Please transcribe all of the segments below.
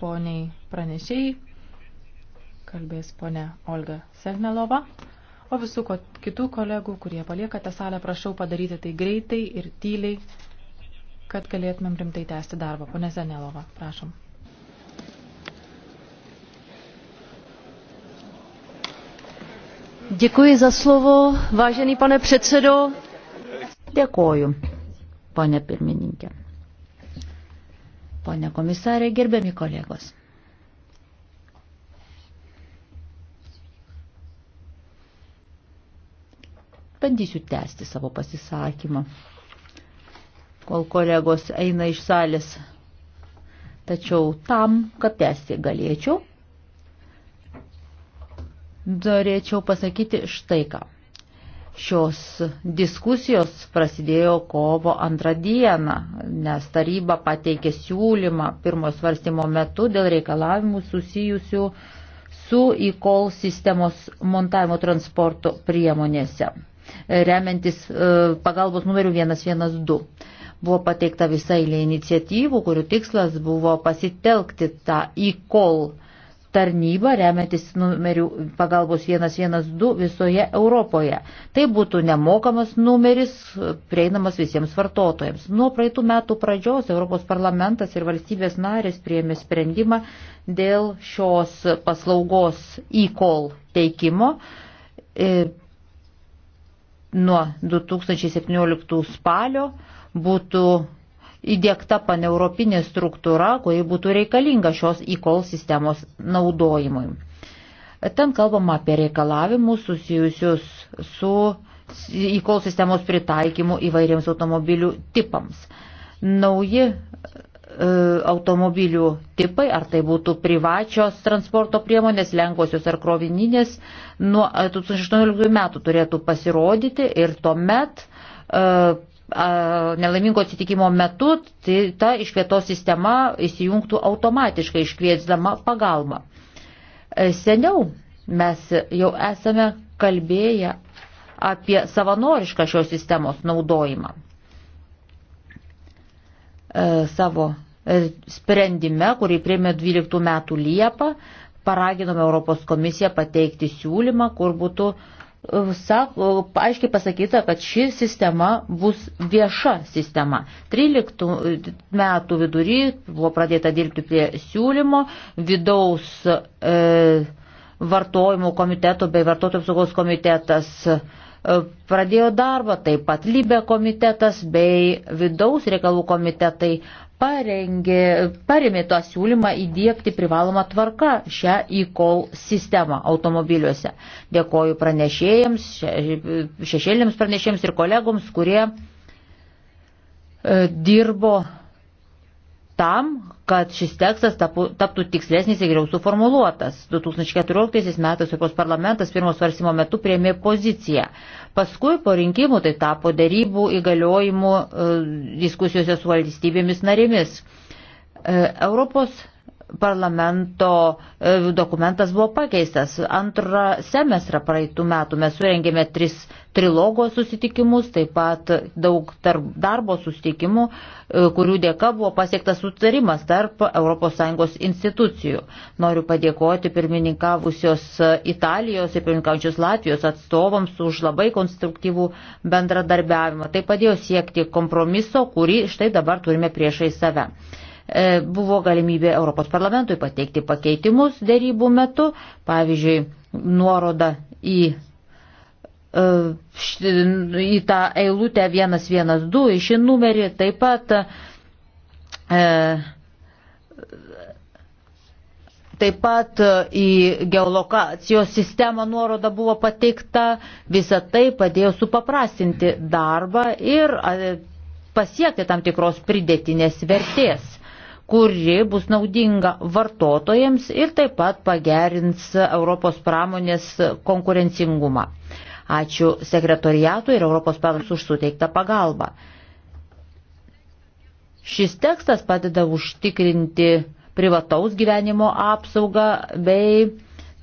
poniai pranešėjai, kalbės ponė Olga Sehnelova, o visų kitų kolegų, kurie paliekate salę, prašau padaryti tai greitai ir tyliai, kad galėtumėm rimtai tęsti darbą. Pone Sehnelova, prašom. Děkuji za slovo, vážený pane předsedo. Děkuji, pane pirmininkė. Pone komisarė, gerbiami kolegos. Bandysiu tęsti savo pasisakymą, kol kolegos eina iš salės. Tačiau tam, kad tęsti galėčiau, norėčiau pasakyti štai ką. Šios diskusijos prasidėjo kovo antrą dieną, nes taryba pateikė siūlymą pirmojo svarstymo metu dėl reikalavimų susijusių su įkol sistemos montavimo transporto priemonėse, remiantis e, pagalbos numeriu 112 buvo pateikta visa eilė iniciatyvų, kurių tikslas buvo pasitelkti tą e-call tarnybą remiantis numeriu pagalbos 112 visoje Europoje. Tai būtų nemokamas numeris, prieinamas visiems vartotojams. Nuo praeitų metų pradžios Europos parlamentas ir valstybės narės priėmė sprendimą dėl šios paslaugos e-call teikimo. E, nuo 2017 spalio būtų įdėkta paneuropinė struktūra, kuri būtų reikalinga šios e-call sistemos naudojimui. Ten kalbama apie reikalavimus susijusius su e-call sistemos pritaikymu įvairiems automobilių tipams. Nauji e, automobilių tipai, ar tai būtų privačios transporto priemonės, lengvosios ar krovininės, nuo 2018 e, metų turėtų pasirodyti ir tuomet e, nelaimingo atsitikimo metu tai ta iškvietos sistema įsijungtų automatiškai iškviesdama pagalbą. E, seniau mes jau esame kalbėję apie savanorišką šios sistemos naudojimą. E, savo e, sprendime, kurį priėmė 12 metų Liepą, paraginome Europos komisiją pateikti siūlymą, kur būtų uh, sako, aiškiai pasakyta, kad ši sistema bus vieša sistema. 13 metų vidury buvo pradėta dirbti prie siūlymo vidaus e, vartojimo komiteto bei vartotojų apsaugos komitetas e, pradėjo darbą, taip pat Libė komitetas bei vidaus reikalų komitetai parengė, paremė tą siūlymą įdėkti privalomą tvarką šią e-call sistemą automobiliuose. Dėkoju pranešėjams, šešėlėms pranešėjams ir kolegoms, kurie e, dirbo tam, kad šis tekstas tapu, taptų tikslesnis ir geriau suformuluotas. 2014 metais Europos parlamentas pirmo svarstymo metu priemė poziciją Paskui po rinkimų tai tapo dėrybų įgaliojimų e, diskusijose su valstybėmis narėmis. E, Europos parlamento e, dokumentas buvo pakeistas. Antrą semestrą praeitų metų mes surengėme tris trilogo susitikimus, taip pat daug darbo susitikimų, e, kurių dėka buvo pasiektas sutarimas tarp ES institucijų. Noriu padėkoti pirmininkavusios Italijos ir pirmininkaujančios Latvijos atstovams už labai konstruktyvų bendradarbiavimą. Tai padėjo siekti kompromiso, kurį štai dabar turime priešai save. E, buvo galimybė Europos parlamentui pateikti pakeitimus dėrybų metu, pavyzdžiui, nuoroda į, e, į tą eilutę 112, į šį numerį taip pat. E, taip pat į geolokacijos sistemą nuoroda buvo pateikta, visa tai padėjo supaprastinti darbą ir pasiekti tam tikros pridėtinės vertės kuri bus naudinga vartotojams ir taip pat pagerins Europos pramonės konkurencingumą. Ačiū sekretoriatui ir Europos parlamentus už suteiktą pagalbą. Šis tekstas padeda užtikrinti privataus gyvenimo apsaugą bei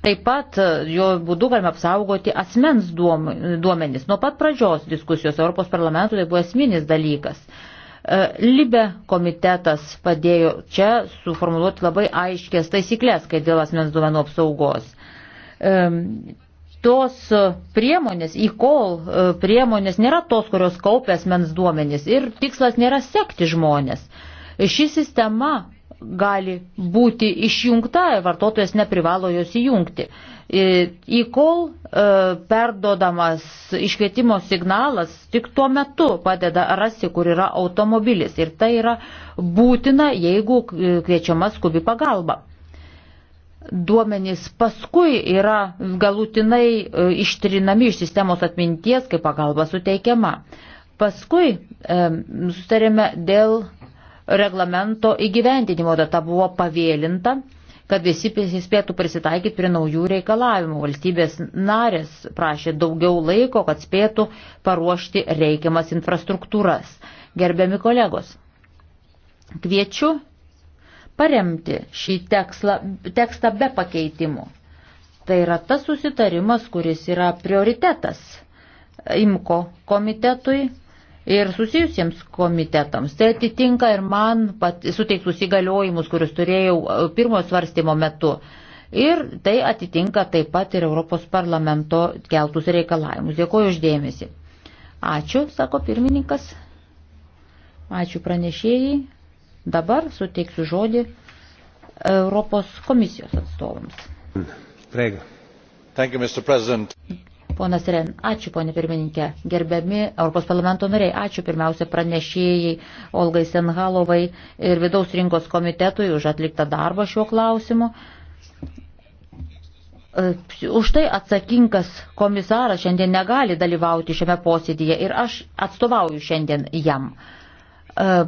taip pat jo būdu galime apsaugoti asmens duomenis. Nuo pat pradžios diskusijos Europos parlamentų tai buvo esminis dalykas. E, Libe komitetas padėjo čia suformuluoti labai aiškės taisyklės, kai dėl asmens duomenų apsaugos. E, tos priemonės, įkol e, priemonės nėra tos, kurios kaupia asmens duomenys ir tikslas nėra sekti žmonės. Ši sistema gali būti išjungta, vartotojas neprivalo jos įjungti. E, į kol e, perdodamas iškvietimo signalas tik tuo metu padeda rasti, kur yra automobilis. Ir tai yra būtina, jeigu kviečiama skubi pagalba. Duomenys paskui yra galutinai e, ištrinami iš sistemos atminties, kai pagalba suteikiama. Paskui e, sustarėme dėl reglamento įgyvendinimo data buvo pavėlinta, kad visi spėtų prisitaikyti prie naujų reikalavimų. Valstybės narės prašė daugiau laiko, kad spėtų paruošti reikiamas infrastruktūras. Gerbiami kolegos, kviečiu paremti šį tekslą, tekstą be pakeitimų. Tai yra tas susitarimas, kuris yra prioritetas IMKO komitetui ir susijusiems komitetams. Tai atitinka ir man pat, suteiktus įgaliojimus, kurius turėjau e, pirmo svarstymo metu. Ir tai atitinka taip pat ir Europos parlamento keltus reikalavimus. Dėkuoju uždėmesi. Ačiū, sako pirmininkas. Ačiū pranešėjai. Dabar suteiksiu žodį Europos komisijos atstovams. Prego. Thank you, Mr. President. Ponas Ren, ačiū, ponė pirmininkė. Gerbiami Europos parlamento nariai, ačiū pirmiausia pranešėjai Olgai Senhalovai ir vidaus rinkos komitetui už atliktą darbą šiuo klausimu. E, už tai atsakingas komisaras šiandien negali dalyvauti šiame posėdėje ir aš atstovauju šiandien jam. E,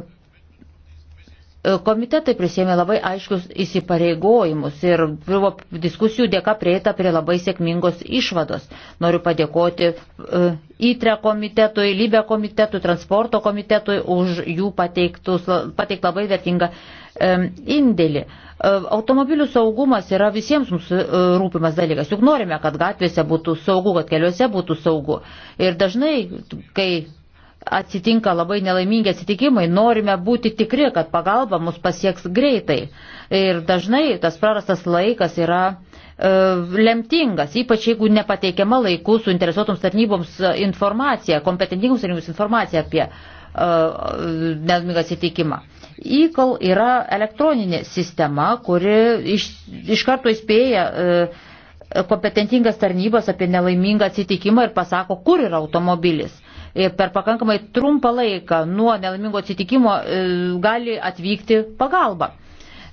E, komitetai prisėmė labai aiškius įsipareigojimus ir buvo diskusijų dėka prieita prie labai sėkmingos išvados. Noriu padėkoti ITRE e komitetui, LIBE komitetui, transporto komitetui už jų pateiktus, pateikt labai vertingą e, indėlį. Automobilių saugumas yra visiems mums rūpimas dalykas. Juk norime, kad gatvėse būtų saugu, kad keliuose būtų saugu. Ir dažnai, kai atsitinka labai nelaimingi atsitikimai, norime būti tikri, kad pagalba mus pasieks greitai. Ir dažnai tas prarastas laikas yra e, lemtingas, ypač jeigu nepateikiama laiku suinteresuotoms tarnyboms e, informacija, kompetentingoms tarnyboms informacija apie e, nelaimingą atsitikimą. ECOL yra elektroninė sistema, kuri iš, iš karto įspėja e, kompetentingas tarnybas apie nelaimingą atsitikimą ir pasako, kur yra automobilis. E, per pakankamai trumpą laiką nuo nelaimingo atsitikimo e, gali atvykti pagalba.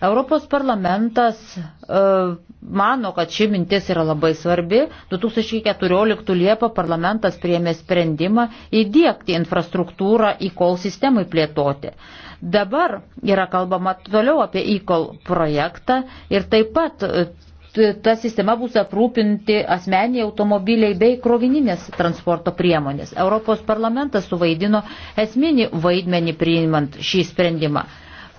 Europos parlamentas e, mano, kad ši mintis yra labai svarbi. 2014 Liepą parlamentas priėmė sprendimą įdėkti infrastruktūrą e-call sistemai plėtoti. Dabar yra kalbama toliau apie e-call projektą ir taip pat ta sistema bus aprūpinti asmeniai automobiliai bei krovininės transporto priemonės. Europos parlamentas suvaidino esminį vaidmenį priimant šį sprendimą.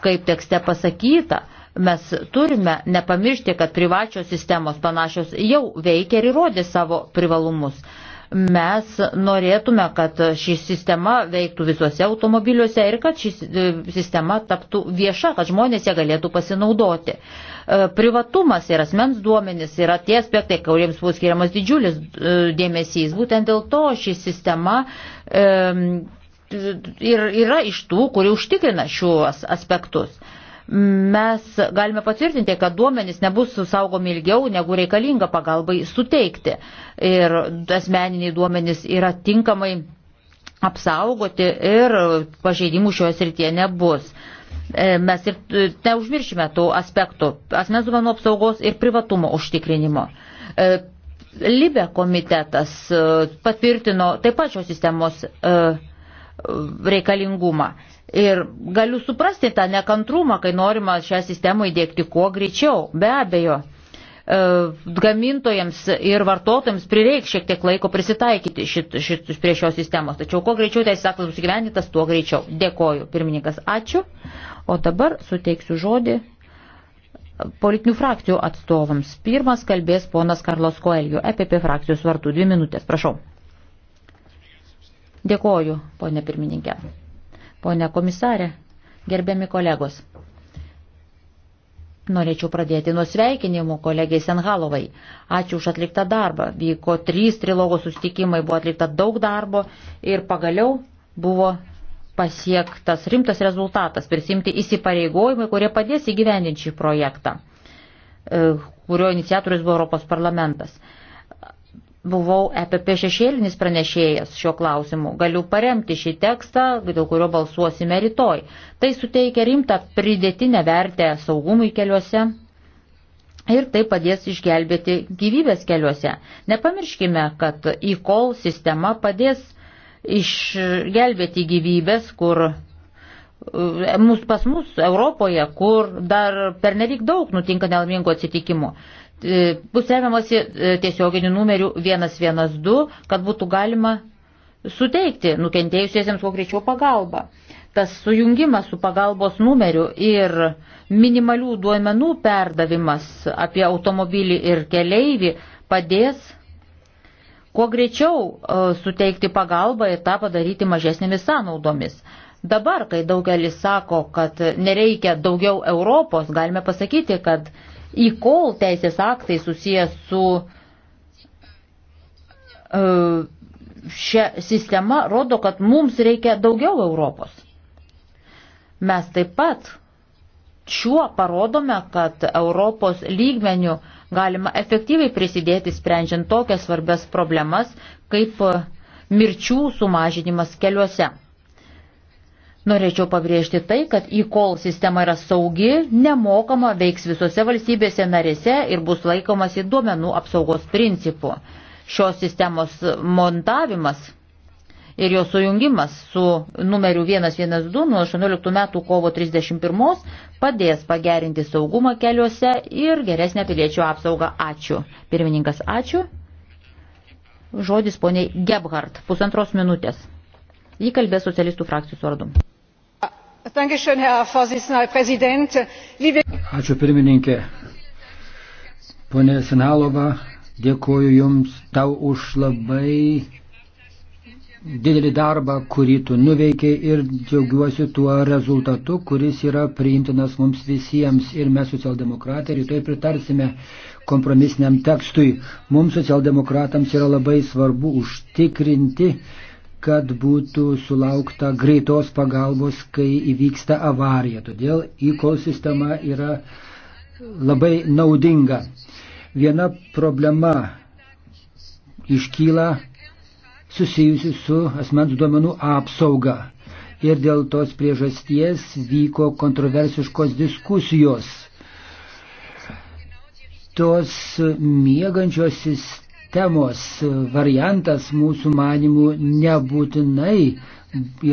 Kaip tekste pasakyta, mes turime nepamiršti, kad privačios sistemos panašios jau veikia ir įrodė savo privalumus. Mes norėtume, kad ši sistema veiktų visuose automobiliuose ir kad ši e, sistema taptų vieša, kad žmonės ją galėtų pasinaudoti. E, privatumas ir asmens duomenis yra tie aspektai, kuriems bus skiriamas didžiulis e, dėmesys. Būtent dėl to ši sistema ir yra iš tų, kurie užtikrina šiuos aspektus mes galime patvirtinti, kad duomenys nebus saugomi ilgiau, negu reikalinga pagalbai suteikti. Ir asmeniniai duomenys yra tinkamai apsaugoti ir pažeidimų šioje srityje nebus. E, mes ir e, neužmiršime tų aspektų - asmens duomenų apsaugos ir privatumo užtikrinimo. E, Libe komitetas patvirtino taip pat šios sistemos reikalingumą. Ir galiu suprasti tą nekantrumą, kai norima šią sistemą įdėkti kuo greičiau, be abejo. E, gamintojams ir vartotojams prireiks šiek tiek laiko prisitaikyti šit, šit, prie šios sistemos. Tačiau kuo greičiau teisės aktas bus įgyvendintas, tuo greičiau. Dėkoju, pirmininkas, ačiū. O dabar suteiksiu žodį politinių frakcijų atstovams. Pirmas kalbės ponas Karlos Koelio, EPP frakcijos vartų. Dvi minutės, prašau. Dėkoju, ponė pirmininkė. Pone komisarė, gerbiami kolegos. Norėčiau pradėti nuo sveikinimų kolegiai Senhalovai. Ačiū už atliktą darbą. Vyko trys trilogo sustikimai, buvo atlikta daug darbo ir pagaliau buvo pasiektas rimtas rezultatas, prisimti įsipareigojimai, kurie padės įgyvendinti šį projektą, e, kurio iniciatorius buvo Europos parlamentas buvau EPP šešėlinis pranešėjas šio klausimu. Galiu paremti šį tekstą, dėl kurio balsuosime rytoj. Tai suteikia rimtą pridėtinę vertę saugumui keliuose. Ir tai padės išgelbėti gyvybės keliuose. Nepamirškime, kad e-call sistema padės išgelbėti gyvybės, kur e, mus pas mus Europoje, kur dar pernelyg daug nutinka nelaimingų atsitikimų. E, bus remiamasi e, tiesioginiu numeriu 112, kad būtų galima suteikti nukentėjusiesiems kuo greičiau pagalbą. Tas sujungimas su pagalbos numeriu ir minimalių duomenų perdavimas apie automobilį ir keleivį padės kuo greičiau e, suteikti pagalbą ir tą padaryti mažesnėmis sąnaudomis. Dabar, kai daugelis sako, kad nereikia daugiau Europos, galime pasakyti, kad į kol teisės aktai susijęs su e, šia sistema, rodo, kad mums reikia daugiau Europos. Mes taip pat šiuo parodome, kad Europos lygmenių galima efektyviai prisidėti sprendžiant tokias svarbias problemas kaip mirčių sumažinimas keliuose. Norėčiau pabrėžti tai, kad e-call sistema yra saugi, nemokama, veiks visose valstybėse narėse ir bus laikomasi duomenų apsaugos principų. Šios sistemos montavimas ir jos sujungimas su numeriu 112 nuo 18 metų kovo 31 padės pagerinti saugumą keliuose ir geresnę piliečių apsaugą. Ačiū. Pirmininkas, ačiū. Žodis poniai Gebhardt, pusantros minutės. Jį kalbės socialistų frakcijų vardu. Ačiū pirmininkė. Pone Sinalova, dėkuoju Jums tau už labai didelį darbą, kurį tu nuveikiai ir džiaugiuosi tuo rezultatu, kuris yra priimtinas mums visiems ir mes socialdemokratai rytoj pritarsime kompromisiniam tekstui. Mums socialdemokratams yra labai svarbu užtikrinti kad būtų sulaukta greitos pagalbos, kai įvyksta avarija. Todėl e-call sistema yra labai naudinga. Viena problema iškyla susijusi su asmens duomenų apsauga. Ir dėl tos priežasties vyko kontroversiškos diskusijos. Tos miegančios sistemos temos variantas mūsų manimų nebūtinai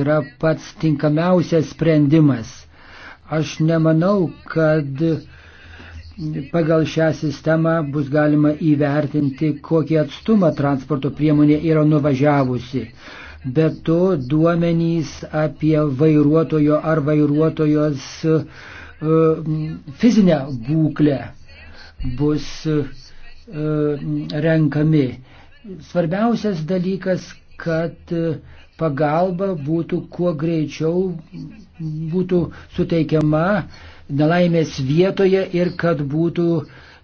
yra pats tinkamiausias sprendimas. Aš nemanau, kad pagal šią sistemą bus galima įvertinti, kokį atstumą transporto priemonė yra nuvažiavusi. Be to duomenys apie vairuotojo ar vairuotojos e, fizinę būklę bus E, renkami. Svarbiausias dalykas, kad pagalba būtų kuo greičiau būtų suteikiama nelaimės vietoje ir kad būtų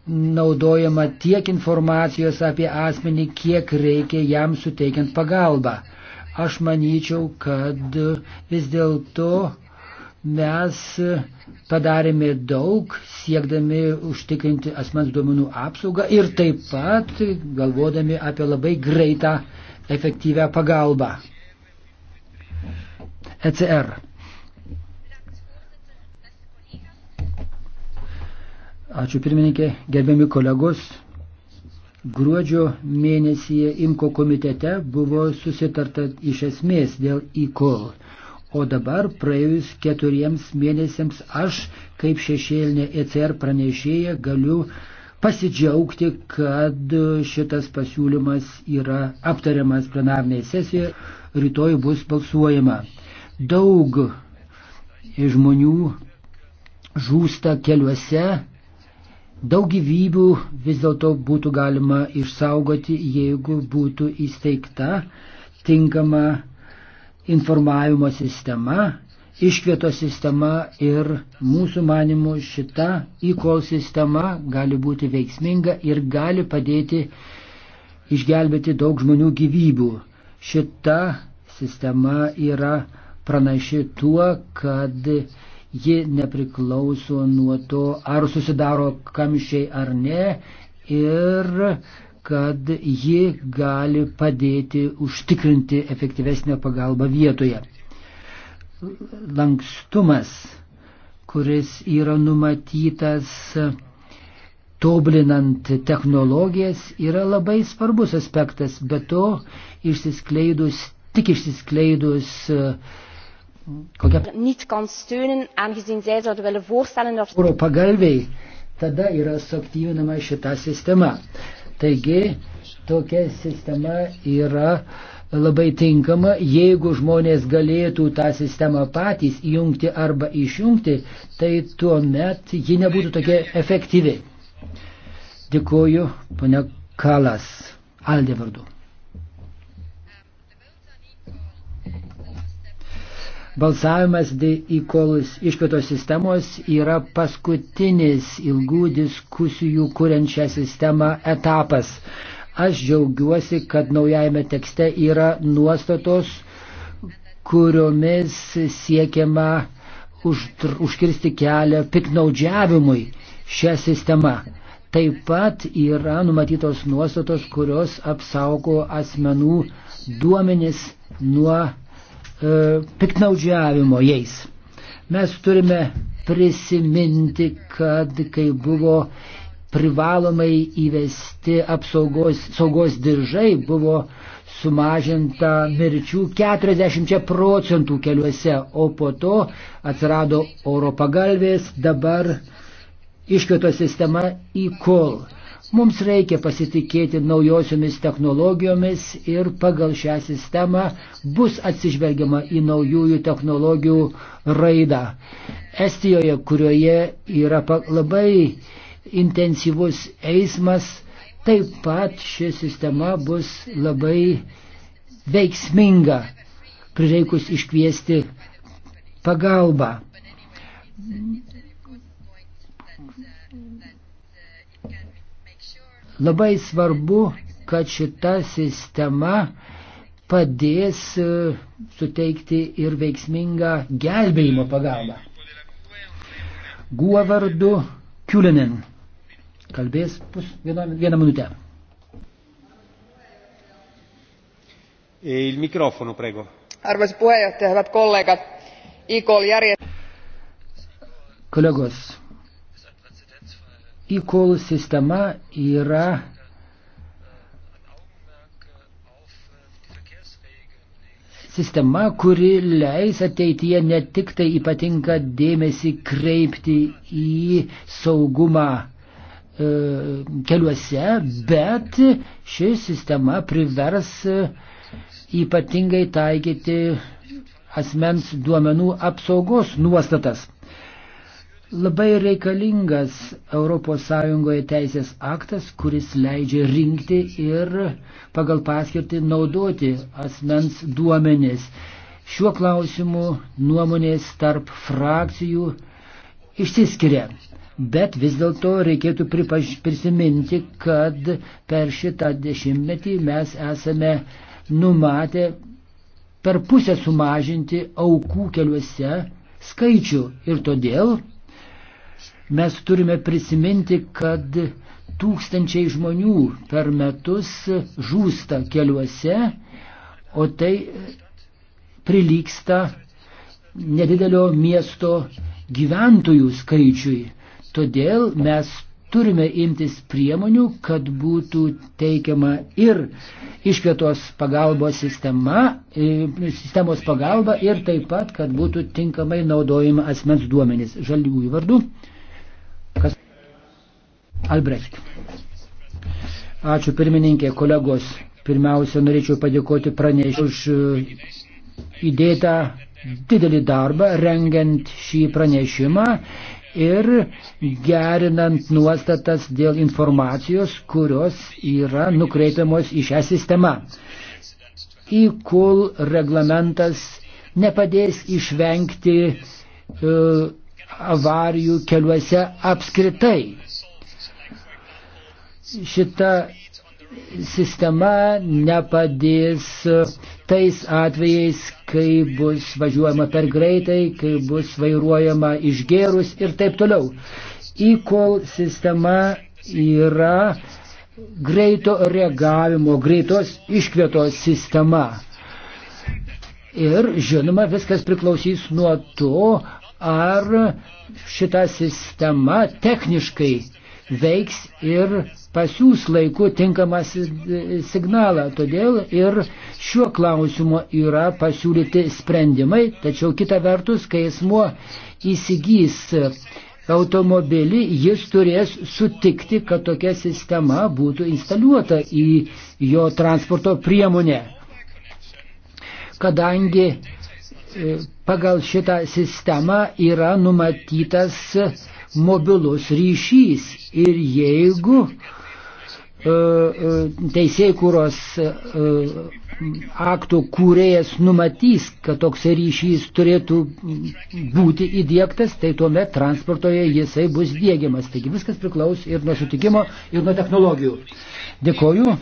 naudojama tiek informacijos apie asmenį, kiek reikia jam suteikiant pagalbą. Aš manyčiau, kad vis dėlto mes padarėme daug siekdami užtikrinti asmens duomenų apsaugą ir taip pat galvodami apie labai greitą efektyvę pagalbą. ECR. Ačiū pirmininkė, gerbiami kolegos. Gruodžio mėnesį IMKO komitete buvo susitarta iš esmės dėl e-call O dabar praėjus keturiems mėnesiams aš, kaip šešėlinė ECR pranešėja, galiu pasidžiaugti, kad šitas pasiūlymas yra aptariamas plenarnėje sesijoje, rytoj bus balsuojama. Daug žmonių žūsta keliuose, daug gyvybių vis dėlto būtų galima išsaugoti, jeigu būtų įsteigta tinkama informavimo sistema, iškvieto sistema ir mūsų manimų šita e-call sistema gali būti veiksminga ir gali padėti išgelbėti daug žmonių gyvybių. Šita sistema yra pranaši tuo, kad ji nepriklauso nuo to, ar susidaro kamščiai ar ne ir kad ji gali padėti užtikrinti efektyvesnę pagalbą vietoje. Lankstumas, kuris yra numatytas tobulinant technologijas, yra labai svarbus aspektas, bet to išsiskleidus, tik išsiskleidus e, kokia pagalviai, tada yra suaktyvinama šita sistema. Taigi tokia sistema yra labai tinkama, jeigu žmonės galėtų tą sistemą patys įjungti arba išjungti, tai tuo met ji nebūtų tokia efektyvi. Dėkuoju, ponia Kalas, Aldė vardu. Balsavimas dėl įkolus iškvietos sistemos yra paskutinis ilgų diskusijų kuriant šią sistemą etapas. Aš džiaugiuosi, kad naujajame tekste yra nuostatos, kuriomis siekiama užtr, užkirsti kelią piknaudžiavimui šią sistemą. Taip pat yra numatytos nuostatos, kurios apsaugo asmenų duomenis nuo E, piknaudžiavimo jais. Mes turime prisiminti, kad kai buvo privalomai įvesti apsaugos saugos diržai, buvo sumažinta mirčių 40 procentų keliuose, o po to atsirado oro pagalvės, dabar iškvieto sistema į e kol. Mums reikia pasitikėti naujosiomis technologijomis ir pagal šią sistemą bus atsižvelgiama į naujųjų technologijų raidą. Estijoje, kurioje yra labai intensyvus eismas, taip pat ši sistema bus labai veiksminga, prireikus iškviesti pagalbą. Labai svarbu, kad šita sistema padės e, suteikti ir veiksmingą gelbėjimo pagalbą. Guovardu Kiulinen kalbės pus vieną, vieną minutę. E il mikrofono, prego. Arvoisa puheenjohtaja, hyvät kollegat, IKOL järjestelmä. Kollegos, e-call sistema yra sistema, kuri leis ateityje ne tik tai ypatinga dėmesį kreipti į saugumą e, keliuose, bet ši sistema privers e, ypatingai taikyti asmens duomenų apsaugos nuostatas. Labai reikalingas ES teisės aktas, kuris leidžia rinkti ir pagal paskirtį naudoti asmens duomenis. Šiuo klausimu nuomonės tarp frakcijų išsiskiria. Bet vis dėlto reikėtų pripaž, prisiminti, kad per šitą dešimtmetį mes esame numatę per pusę sumažinti aukų keliuose skaičių ir todėl Mes turime prisiminti, kad tūkstančiai žmonių per metus žūsta keliuose, o tai prilyksta nedidelio miesto gyventojų skaičiui. Todėl mes turime imtis priemonių, kad būtų teikiama ir iškvietos pagalbos sistema, e, sistemos pagalba ir taip pat, kad būtų tinkamai naudojama asmens duomenys. Žaliųjų vardu. Kas? Albrecht. Ačiū pirmininkė, kolegos. Pirmiausia, norėčiau padėkoti pranešiu už e, įdėtą didelį darbą, rengiant šį pranešimą ir gerinant nuostatas dėl informacijos, kurios yra nukreipiamos į šią sistemą. Įkul reglamentas nepadės išvengti uh, avarijų keliuose apskritai. Šita sistema nepadės tais atvejais, kai bus važiuojama per greitai, kai bus vairuojama išgėrus ir taip toliau. E-call sistema yra greito reagavimo, greitos iškvietos sistema. Ir žinoma, viskas priklausys nuo to, ar šita sistema techniškai veiks ir pasiūs laiku tinkamą signalą. Todėl ir šiuo klausimu yra pasiūlyti sprendimai, tačiau kita vertus, kai asmuo įsigys automobilį, jis turės sutikti, kad tokia sistema būtų instaliuota į jo transporto priemonę. Kadangi pagal šitą sistemą yra numatytas mobilus ryšys ir jeigu e, e, teisėjų kūros e, aktų kūrėjas numatys, kad toks ryšys turėtų būti įdėktas, tai tuomet transportoje jisai bus dėgiamas. Taigi viskas priklauso ir nuo sutikimo, ir nuo technologijų. Dėkoju.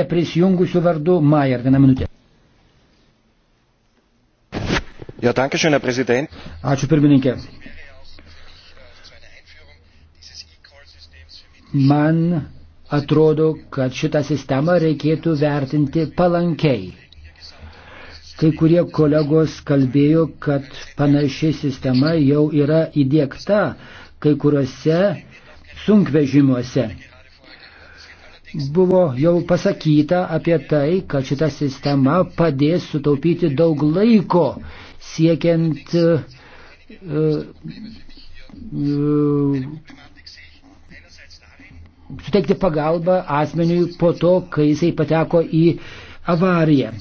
Neprisijungusiu vardu Majer, vieną minutę. Ačiū pirmininkė. Man atrodo, kad šitą sistemą reikėtų vertinti palankiai. Kai kurie kolegos kalbėjo, kad panaši sistema jau yra įdėkta kai kuriuose sunkvežimuose. Buvo jau pasakyta apie tai, kad šita sistema padės sutaupyti daug laiko siekiant e, e, suteikti pagalbą asmeniui po to, kai jisai pateko į avariją.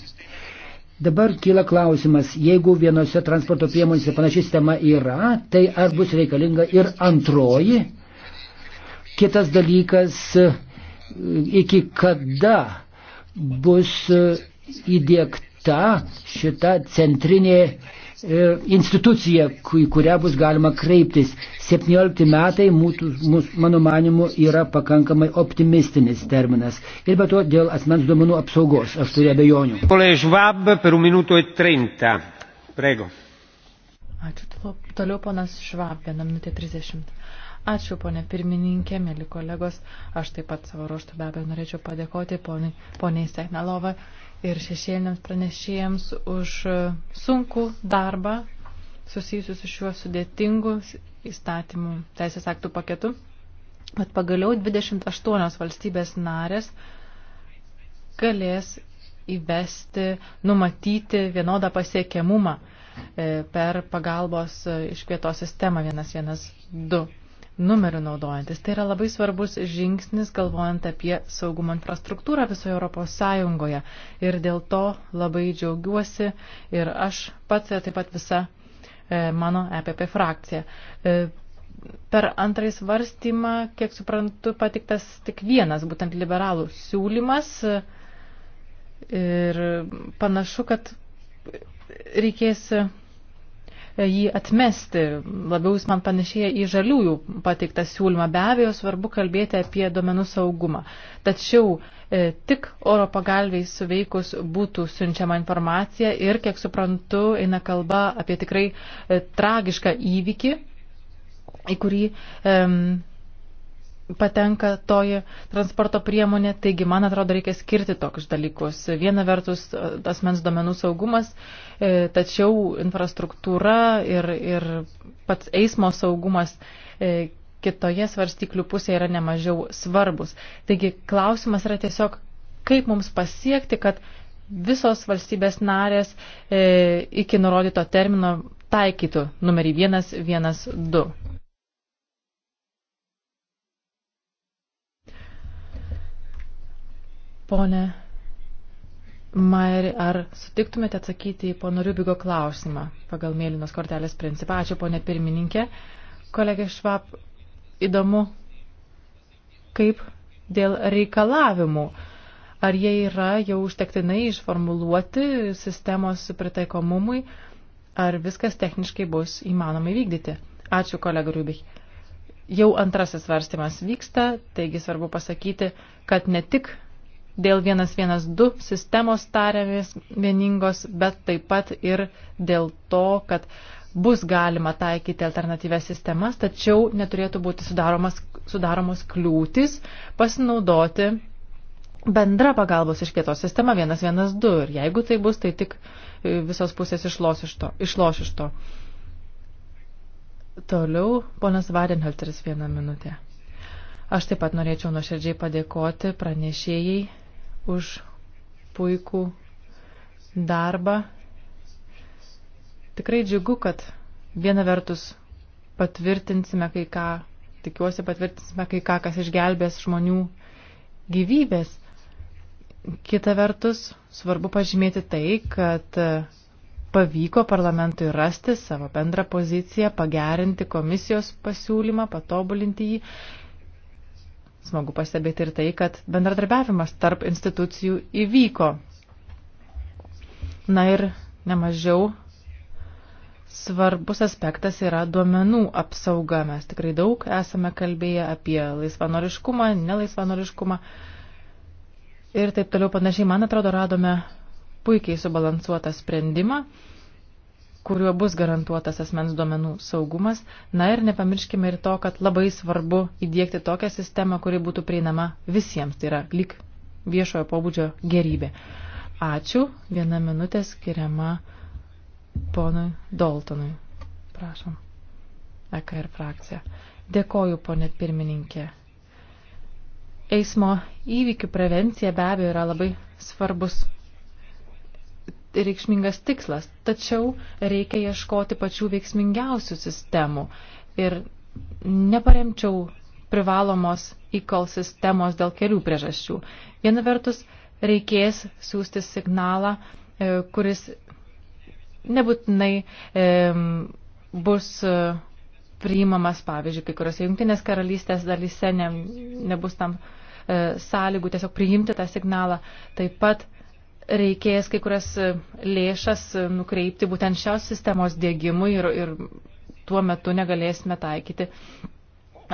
Dabar kyla klausimas, jeigu vienose transporto priemonėse panaši sistema yra, tai ar bus reikalinga ir antroji? Kitas dalykas, e, iki kada bus įdėkta įsteigta šita centrinė e, institucija, į kurią bus galima kreiptis. 17 metai, mūtų, mūs, mano manimu, yra pakankamai optimistinis terminas. Ir be to dėl asmens duomenų apsaugos aš turiu abejonių. E Ačiū. Toliau ponas Švab, 1 minutė 30. Ačiū, ponė pirmininkė, mėly kolegos. Aš taip pat savo ruoštų be abejo norėčiau padėkoti poniai, poniai Sehnalovai ir šešėliniams pranešėjams už sunkų darbą susijusiu su šiuo sudėtingu įstatymu teisės aktų paketu. Bet pagaliau 28 valstybės narės galės įvesti, numatyti vienodą pasiekiamumą e, per pagalbos iškvietos sistemą 112 numeriu naudojantis. Tai yra labai svarbus žingsnis, galvojant apie saugumo infrastruktūrą visoje Europos Sąjungoje. Ir dėl to labai džiaugiuosi ir aš pats, taip pat visa e, mano EPP frakcija. E, per antrąjį svarstymą, kiek suprantu, patiktas tik vienas, būtent liberalų siūlymas. E, ir panašu, kad reikės jį atmesti. Labiau jis man panašėja į žaliųjų pateiktą siūlymą. Be abejo, svarbu kalbėti apie domenų saugumą. Tačiau e, tik oro pagalviai suveikus būtų siunčiama informacija ir, kiek suprantu, eina kalba apie tikrai e, tragišką įvykį, į kurį. E, patenka toji transporto priemonė, taigi man atrodo reikia skirti tokius dalykus. Viena vertus e, asmens domenų saugumas, e, tačiau infrastruktūra ir, ir pats eismo saugumas e, kitoje svarstyklių pusėje yra nemažiau svarbus. Taigi klausimas yra tiesiog, kaip mums pasiekti, kad visos valstybės narės iki nurodyto termino taikytų numerį 112. Pone Mairi, ar sutiktumėte atsakyti į pono Rubigo klausimą pagal mėlynos kortelės principą? Ačiū, ponė pirmininkė. Kolegė Švab, įdomu, kaip dėl reikalavimų. Ar jie yra jau užtektinai išformuluoti sistemos pritaikomumui, ar viskas techniškai bus įmanoma įvykdyti? Ačiū, kolega Rubik jau antrasis svarstymas vyksta, taigi svarbu pasakyti, kad ne tik dėl 112 sistemos tarėmės vieningos, bet taip pat ir dėl to, kad bus galima taikyti alternatyvės sistemas, tačiau neturėtų būti sudaromas, sudaromos kliūtis pasinaudoti bendra pagalbos iškvietos sistema 112 ir jeigu tai bus, tai tik e, visos pusės išloš iš to. Išloš iš to. Toliau ponas Vadenhalteris vieną minutę. Aš taip pat norėčiau nuoširdžiai padėkoti pranešėjai už puikų darbą. Tikrai džiugu, kad viena vertus patvirtinsime kai ką, tikiuosi patvirtinsime kai ką, kas išgelbės žmonių gyvybės. Kita vertus, svarbu pažymėti tai, kad pavyko parlamentui rasti savo bendrą poziciją, pagerinti komisijos pasiūlymą, patobulinti jį Smagu pastebėti ir tai, kad bendradarbiavimas tarp institucijų įvyko. Na ir nemažiau svarbus aspektas yra duomenų apsauga. Mes tikrai daug esame kalbėję apie laisvanoriškumą, nelaisvanoriškumą ir taip toliau panašiai. Man atrodo, radome puikiai subalansuotą sprendimą kuriuo bus garantuotas asmens duomenų saugumas. Na ir nepamirškime ir to, kad labai svarbu įdėkti tokią sistemą, kuri būtų prieinama visiems, tai yra lyg viešojo pobūdžio gerybė. Ačiū, viena minutė skiriama ponui Daltonui. Prašom. EKR er frakcija. Dėkoju, ponė pirmininkė. Eismo įvykių prevencija be abejo yra labai svarbus reikšmingas tikslas, tačiau reikia ieškoti pačių veiksmingiausių sistemų. Ir neparemčiau privalomos e-call sistemos dėl kelių priežasčių. Viena vertus, reikės siūsti signalą, e, kuris nebūtinai e, bus e, priimamas, pavyzdžiui, kai kuriuose jungtinės karalystės dalyse ne, nebus tam sąlygų tiesiog priimti tą signalą. Taip pat reikės kai kurias e, lėšas e, nukreipti būtent šios sistemos dėgymui ir, ir tuo metu negalėsime taikyti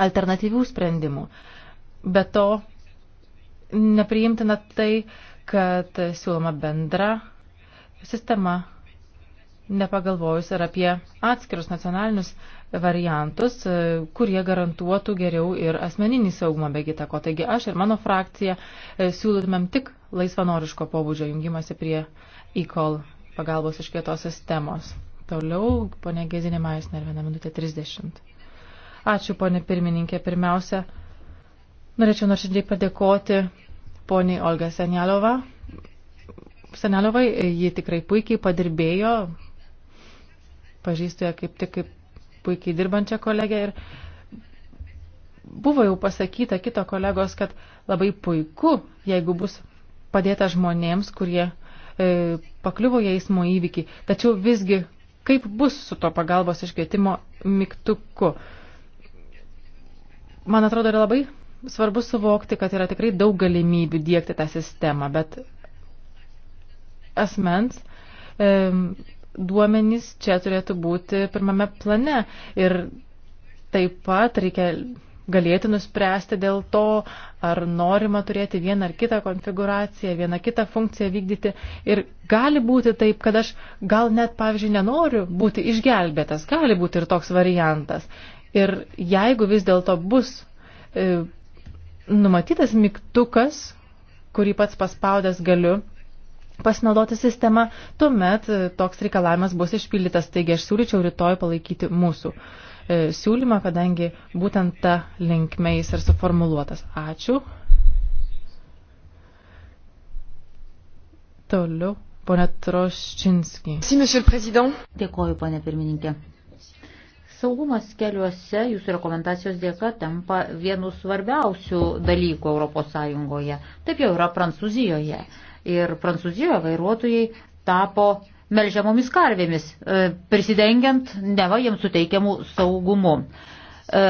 alternatyvių sprendimų. Be to, nepriimtina tai, kad siūloma bendra sistema nepagalvojus ir apie atskirus nacionalinius variantus, e, kurie garantuotų geriau ir asmeninį saugumą be kita ko. Taigi aš ir mano frakcija e, siūlytumėm tik laisvanoriško pobūdžio jungimasi prie e-call pagalbos iš kietos sistemos. Toliau, ponė Gezinė Maisner, 1 minutė 30. Ačiū, ponė pirmininkė. Pirmiausia, norėčiau nuoširdžiai padėkoti poniai Olga Senelova. Seneliovai, ji tikrai puikiai padirbėjo, pažįstu ją kaip tik kaip puikiai dirbančią kolegę ir buvo jau pasakyta kito kolegos, kad labai puiku, jeigu bus padėta žmonėms, kurie e, pakliuvo į eismo įvykį. Tačiau visgi, kaip bus su to pagalbos iškvietimo mygtuku? Man atrodo, yra labai svarbu suvokti, kad yra tikrai daug galimybių dėkti tą sistemą, bet asmens e, duomenys čia turėtų būti pirmame plane. Ir taip pat reikia galėti nuspręsti dėl to, ar norima turėti vieną ar kitą konfiguraciją, vieną kitą funkciją vykdyti. Ir gali būti taip, kad aš gal net, pavyzdžiui, nenoriu būti išgelbėtas, gali būti ir toks variantas. Ir jeigu vis dėlto bus e, numatytas mygtukas, kurį pats paspaudęs galiu pasinaudoti sistemą, tuomet e, toks reikalavimas bus išpildytas. Taigi aš siūlyčiau rytoj palaikyti mūsų e, siūlymą, kadangi būtent ta linkme jis ir suformuluotas. Ačiū. Toliau, ponė Troščinski. Si, monsieur le président. Dėkoju, ponė pirmininkė. Saugumas keliuose jūsų rekomendacijos dėka tampa vienu svarbiausių dalykų Europos Sąjungoje. Taip jau yra Prancūzijoje ir Prancūzijoje vairuotojai tapo melžiamomis karvėmis, e, prisidengiant neva jiems suteikiamų saugumu. E,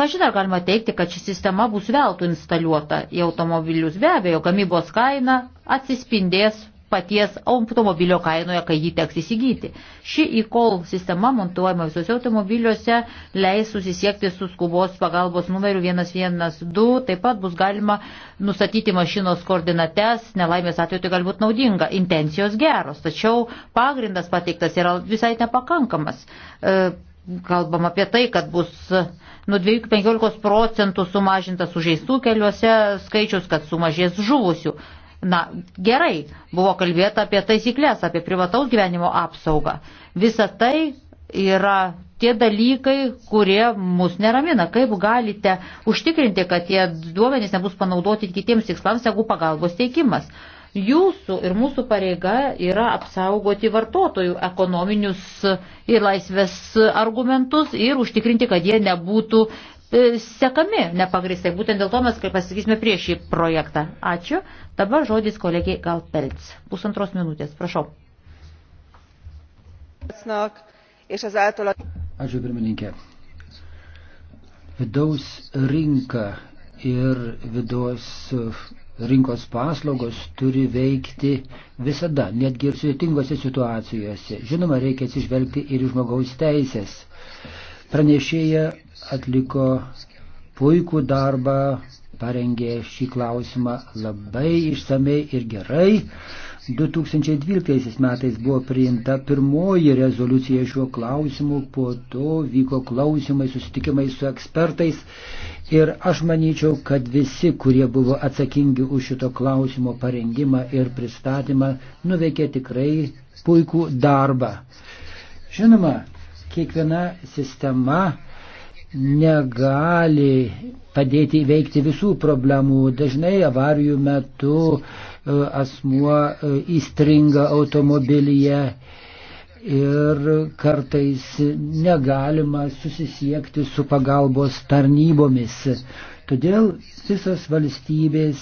Kažin ar galima teikti, kad ši sistema bus veltų instaliuota į automobilius. Be abejo, gamybos kaina atsispindės paties automobilio kainoje, kai jį teks įsigyti. Ši e-call sistema montuojama visose automobiliuose, leis susisiekti su skubos pagalbos numeriu 112, taip pat bus galima nustatyti mašinos koordinates, nelaimės atveju tai galbūt naudinga, intencijos geros, tačiau pagrindas pateiktas yra visai nepakankamas. E, kalbam apie tai, kad bus nuo 2-15 procentų sumažintas sužeistų keliuose skaičius, kad sumažės žuvusių. Na, gerai, buvo kalbėta apie taisyklės, apie privataus gyvenimo apsaugą. Visa tai yra tie dalykai, kurie mus neramina. Kaip galite užtikrinti, kad tie duomenys nebus panaudoti kitiems tikslams, jeigu pagalbos teikimas? Jūsų ir mūsų pareiga yra apsaugoti vartotojų ekonominius ir laisvės argumentus ir užtikrinti, kad jie nebūtų E, sekami nepagristai. Būtent dėl to mes pasakysime prieš šį projektą. Ačiū. Dabar žodis kolegiai Galpelts. Pusantros minutės. Prašau. Ačiū pirmininkė. Vidaus rinka ir vidaus rinkos paslaugos turi veikti visada, netgi ir sudėtingose situacijose. Žinoma, reikia atsižvelgti ir žmogaus teisės. Pranešėja atliko puikų darbą, parengė šį klausimą labai išsamei ir gerai. 2012 metais buvo priimta pirmoji rezoliucija šiuo klausimu, po to vyko klausimai, susitikimai su ekspertais ir aš manyčiau, kad visi, kurie buvo atsakingi už šito klausimo parengimą ir pristatymą, nuveikė tikrai puikų darbą. Žinoma, kiekviena sistema negali padėti įveikti visų problemų. Dažnai avarijų metu e, asmuo e, įstringa automobilyje ir kartais negalima susisiekti su pagalbos tarnybomis. Todėl visos valstybės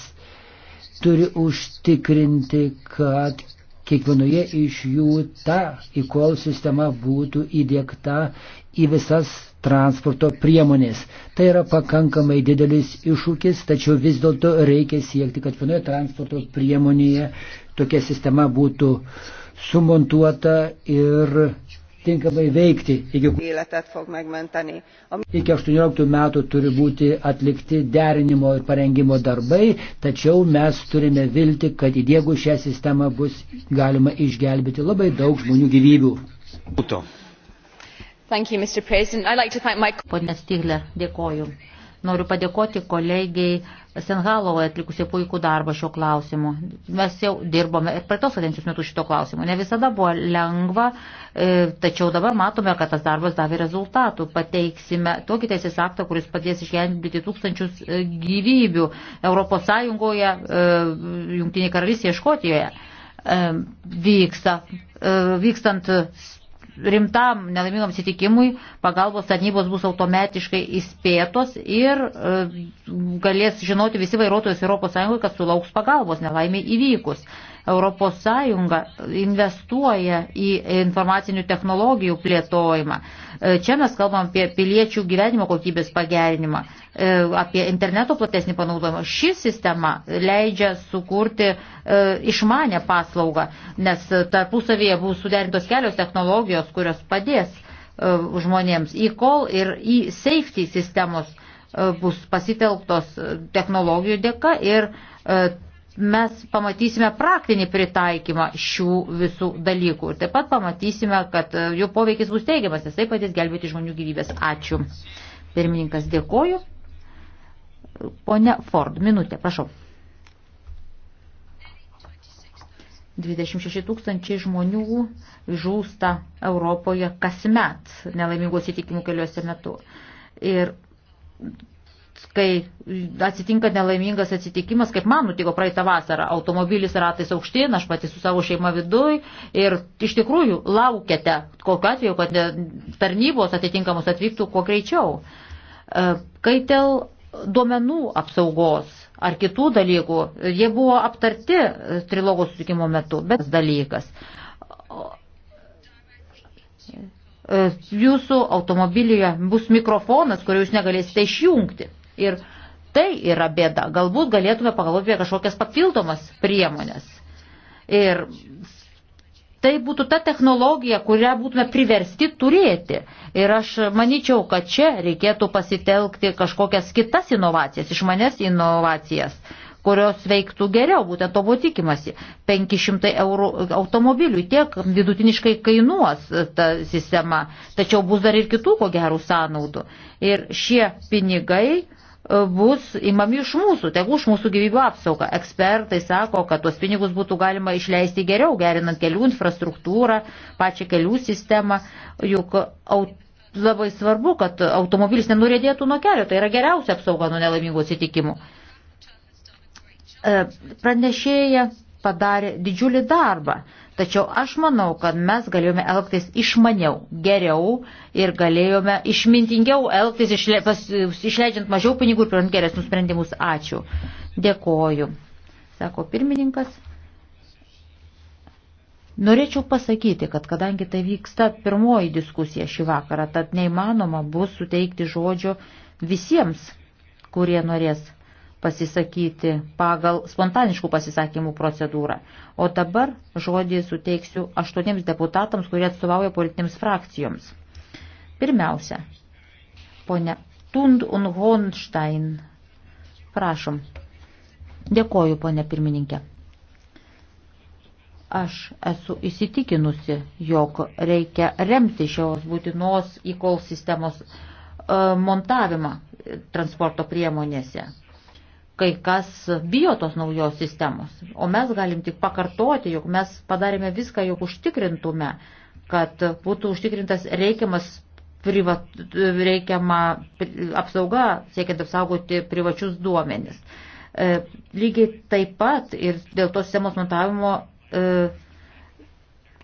turi užtikrinti, kad kiekvienoje iš jų ta e-call sistema būtų įdėkta į visas transporto priemonės. Tai yra pakankamai didelis iššūkis, tačiau vis dėlto reikia siekti, kad vienoje transporto priemonėje tokia sistema būtų sumontuota ir tinkamai veikti. Iki, iki 18 metų turi būti atlikti derinimo ir parengimo darbai, tačiau mes turime vilti, kad įdėgų šią sistemą bus galima išgelbėti labai daug žmonių gyvybių. Puto. Thank you, Mr. President. I'd like to thank my... Pone Stigler, dėkoju. Noriu padėkoti kolegiai Senhalovai atlikusiai puikų darbą šio klausimu. Mes jau dirbome ir praeitos kadencijos metu šito klausimu. Ne visada buvo lengva, e, tačiau dabar matome, kad tas darbas davė rezultatų. Pateiksime tokį teisės aktą, kuris padės išgelbėti tūkstančius e, gyvybių Europos Sąjungoje, e, Junktinėje karalystėje, Škotijoje vyksta, vykstant rimtam nelaimingam sitikimui pagalbos tarnybos bus automatiškai įspėtos ir e, galės žinoti visi vairuotojus ES, kad sulauks pagalbos nelaimiai įvykus. ES investuoja į informacinių technologijų plėtojimą. E, čia mes kalbam apie piliečių gyvenimo kokybės pagerinimą, e, apie interneto platesnį panaudojimą. Ši sistema leidžia sukurti e, išmanę paslaugą, nes tarpusavėje bus suderintos kelios technologijos, kurios padės žmonėms. E-call ir e-safety sistemos bus pasitelktos technologijų dėka ir mes pamatysime praktinį pritaikymą šių visų dalykų. Ir taip pat pamatysime, kad e, jo poveikis bus teigiamas, jis taip pat jis gelbėti žmonių gyvybės. Ačiū. Pirmininkas dėkoju. Pone Ford, minutė, prašau. 26 tūkstančiai žmonių žūsta Europoje kasmet nelaimingų atsitikimų keliuose metu. Ir kai atsitinka nelaimingas atsitikimas, kaip man nutiko praeitą vasarą, automobilis ratais aukštyn, aš pati su savo šeima viduj ir iš tikrųjų laukiate, kokiu atveju, kad tarnybos atitinkamos atvyktų kuo greičiau. E, kai dėl duomenų apsaugos ar kitų dalykų, jie buvo aptarti e, trilogo susitikimo metu, bet dalykas. E, jūsų automobilyje bus mikrofonas, kurio jūs negalėsite išjungti. Ir tai yra bėda. Galbūt galėtume pagalvoti apie kažkokias papildomas priemonės. Ir tai būtų ta technologija, kurią būtume priversti turėti. Ir aš manyčiau, kad čia reikėtų pasitelkti kažkokias kitas inovacijas, išmanes inovacijas, kurios veiktų geriau, būtent to buvo tikimasi. 500 eurų automobiliui tiek vidutiniškai kainuos ta sistema, tačiau bus dar ir kitų ko gerų sąnaudų. Ir šie pinigai E, bus imami iš mūsų, tegu už mūsų gyvybių apsaugą. Ekspertai sako, kad tuos pinigus būtų galima išleisti geriau, gerinant kelių infrastruktūrą, pačią kelių sistemą, juk labai svarbu, kad automobilis nenurėdėtų nuo kelio, tai yra geriausia apsauga nuo nelaimingų atsitikimų. E, pranešėja padarė didžiulį darbą, tačiau aš manau, kad mes galėjome elgtis išmaniau, geriau ir galėjome išmintingiau elgtis, išle, pas, išleidžiant mažiau pinigų ir priimant geresnius sprendimus. Ačiū. Dėkoju. Sako pirmininkas. Norėčiau pasakyti, kad kadangi tai vyksta pirmoji diskusija šį vakarą, tad neįmanoma bus suteikti žodžio visiems, kurie norės pasisakyti pagal spontaniškų pasisakymų procedūrą. O dabar žodį suteiksiu aštuoniems deputatams, kurie atstovauja politinėms frakcijoms. Pirmiausia, ponia Tund und Hohenstein. Prašom. Dėkoju, ponia pirmininkė. Aš esu įsitikinusi, jog reikia remti šios būtinos įkol sistemos e, montavimą transporto priemonėse kai kas bijo tos naujos sistemos. O mes galim tik pakartoti, jog mes padarėme viską, jog užtikrintume, kad būtų užtikrintas reikiamas privat, reikiama apsauga, siekiant apsaugoti privačius duomenis. E, lygiai taip pat ir dėl tos sistemos montavimo e,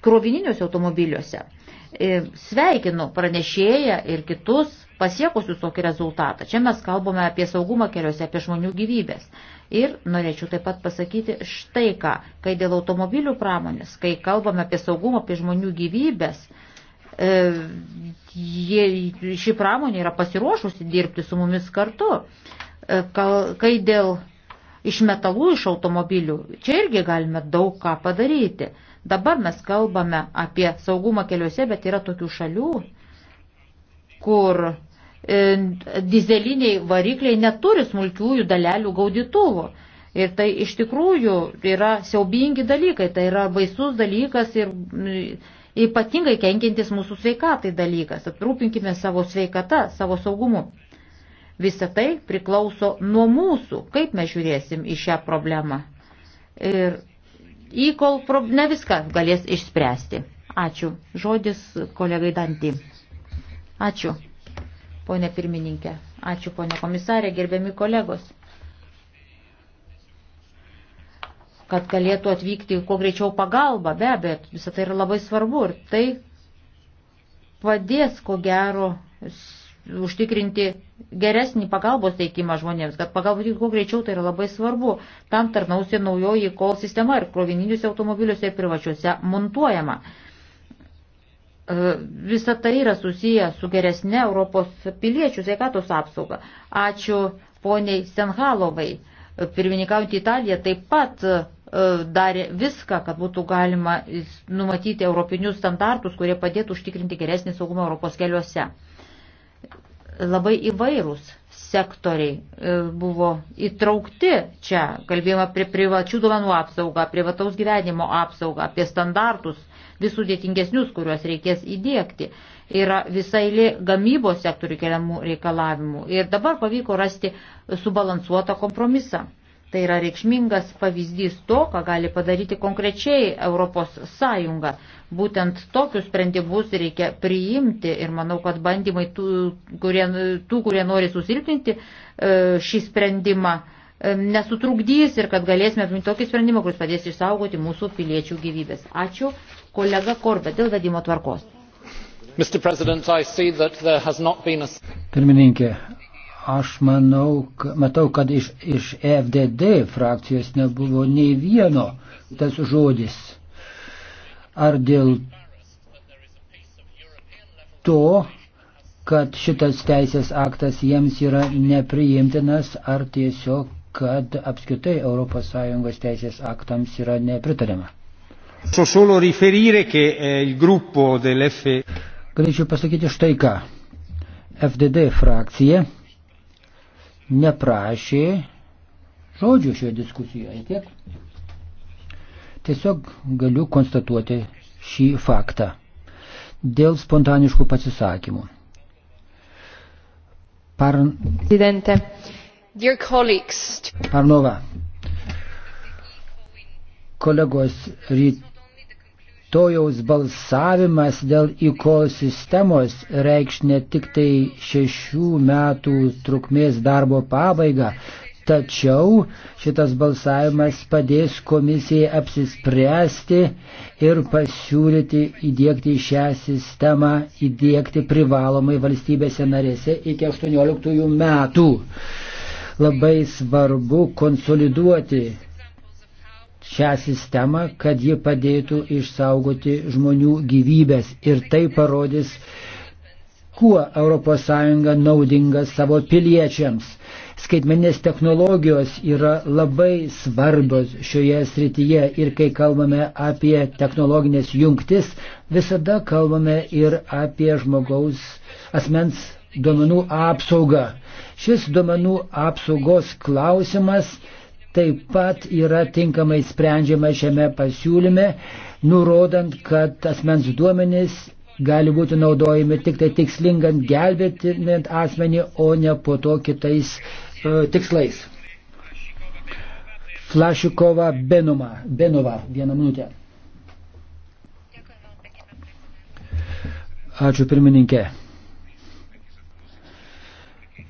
krovininiuose automobiliuose. E, sveikinu pranešėją ir kitus pasiekusius tokį rezultatą. Čia mes kalbame apie saugumą keliuose, apie žmonių gyvybės. Ir norėčiau taip pat pasakyti štai ką, kai dėl automobilių pramonės, kai kalbame apie saugumą, apie žmonių gyvybės, e, jie, ši pramonė yra pasiruošusi dirbti su mumis kartu. E, kai dėl iš metalų iš automobilių, čia irgi galime daug ką padaryti. Dabar mes kalbame apie saugumą keliuose, bet yra tokių šalių, kur E, dizeliniai varikliai neturi smulkiųjų dalelių gaudytuvų. Ir tai iš tikrųjų yra siaubingi dalykai, tai yra baisus dalykas ir ypatingai kenkintis mūsų sveikatai dalykas. Aprūpinkime savo sveikatą, savo saugumu. Visą tai priklauso nuo mūsų, kaip mes žiūrėsim į šią problemą. Ir įkol pro... ne viską galės išspręsti. Ačiū. Žodis kolegai Dantį. Ačiū ponė pirmininkė. Ačiū, ponė komisarė, gerbiami kolegos. Kad galėtų atvykti kuo greičiau pagalba, be abejo, visą tai yra labai svarbu ir tai padės, ko gero, užtikrinti geresnį pagalbos teikimą žmonėms, kad pagalba tik kuo greičiau tai yra labai svarbu. Tam tarnaus ir naujoji kol sistema ir krovininiuose automobiliuose ir privačiuose montuojama. E, visa tai yra susiję su geresne Europos piliečių sveikatos apsauga. Ačiū poniai Senhalovai. E, Pirmininkaujant Italiją taip pat e, darė viską, kad būtų galima numatyti europinius standartus, kurie padėtų užtikrinti geresnį saugumą Europos keliuose. Labai įvairūs sektoriai e, buvo įtraukti čia. Kalbėjome apie privačių duomenų apsaugą, privataus gyvenimo apsaugą, apie standartus, visų dėtingesnius, kuriuos reikės įdėkti. Yra visai gamybos sektorių keliamų reikalavimų. Ir dabar pavyko rasti subalansuotą kompromisą. Tai yra reikšmingas pavyzdys to, ką gali padaryti konkrečiai ES. Būtent tokius sprendimus reikia priimti ir manau, kad bandymai tų, kurie, tų, kurie nori susilpninti e, šį sprendimą, e, nesutrukdys ir kad galėsime priimti tokį sprendimą, kuris padės išsaugoti mūsų piliečių gyvybės. Ačiū kolega Korbė dėl vedimo tvarkos. A... Pirmininkė, Aš manau, matau, kad iš, iš FDD frakcijos nebuvo nei vieno tas žodis. Ar dėl to, kad šitas teisės aktas jiems yra nepriimtinas, ar tiesiog, kad apskritai ES teisės aktams yra nepritariama? Eh, Galėčiau pasakyti štai ką. FDD frakcija neprašė žodžių šioje diskusijoje. Tiek. Tiesiog galiu konstatuoti šį faktą. Dėl spontaniškų pasisakymų. Parn... Parnova. Kolegos, ryt rytojaus balsavimas dėl ICO sistemos reikš ne tik tai šešių metų trukmės darbo pabaigą, tačiau šitas balsavimas padės komisijai apsispręsti ir pasiūlyti įdėkti šią sistemą, įdėkti privalomai valstybėse narėse iki 18 metų. Labai svarbu konsoliduoti šią sistemą, kad ji padėtų išsaugoti žmonių gyvybės ir tai parodys, kuo ES naudinga savo piliečiams. Skaitmenės technologijos yra labai svarbios šioje srityje ir kai kalbame apie technologinės jungtis, visada kalbame ir apie žmogaus asmens duomenų apsaugą. Šis duomenų apsaugos klausimas taip pat yra tinkamai sprendžiama šiame pasiūlyme, nurodant, kad asmens duomenys gali būti naudojami tik tai tikslingant gelbėtinant asmenį, o ne po to kitais e, tikslais. Flašikova Benuma. Benova, vieną minutę. Ačiū pirmininkė.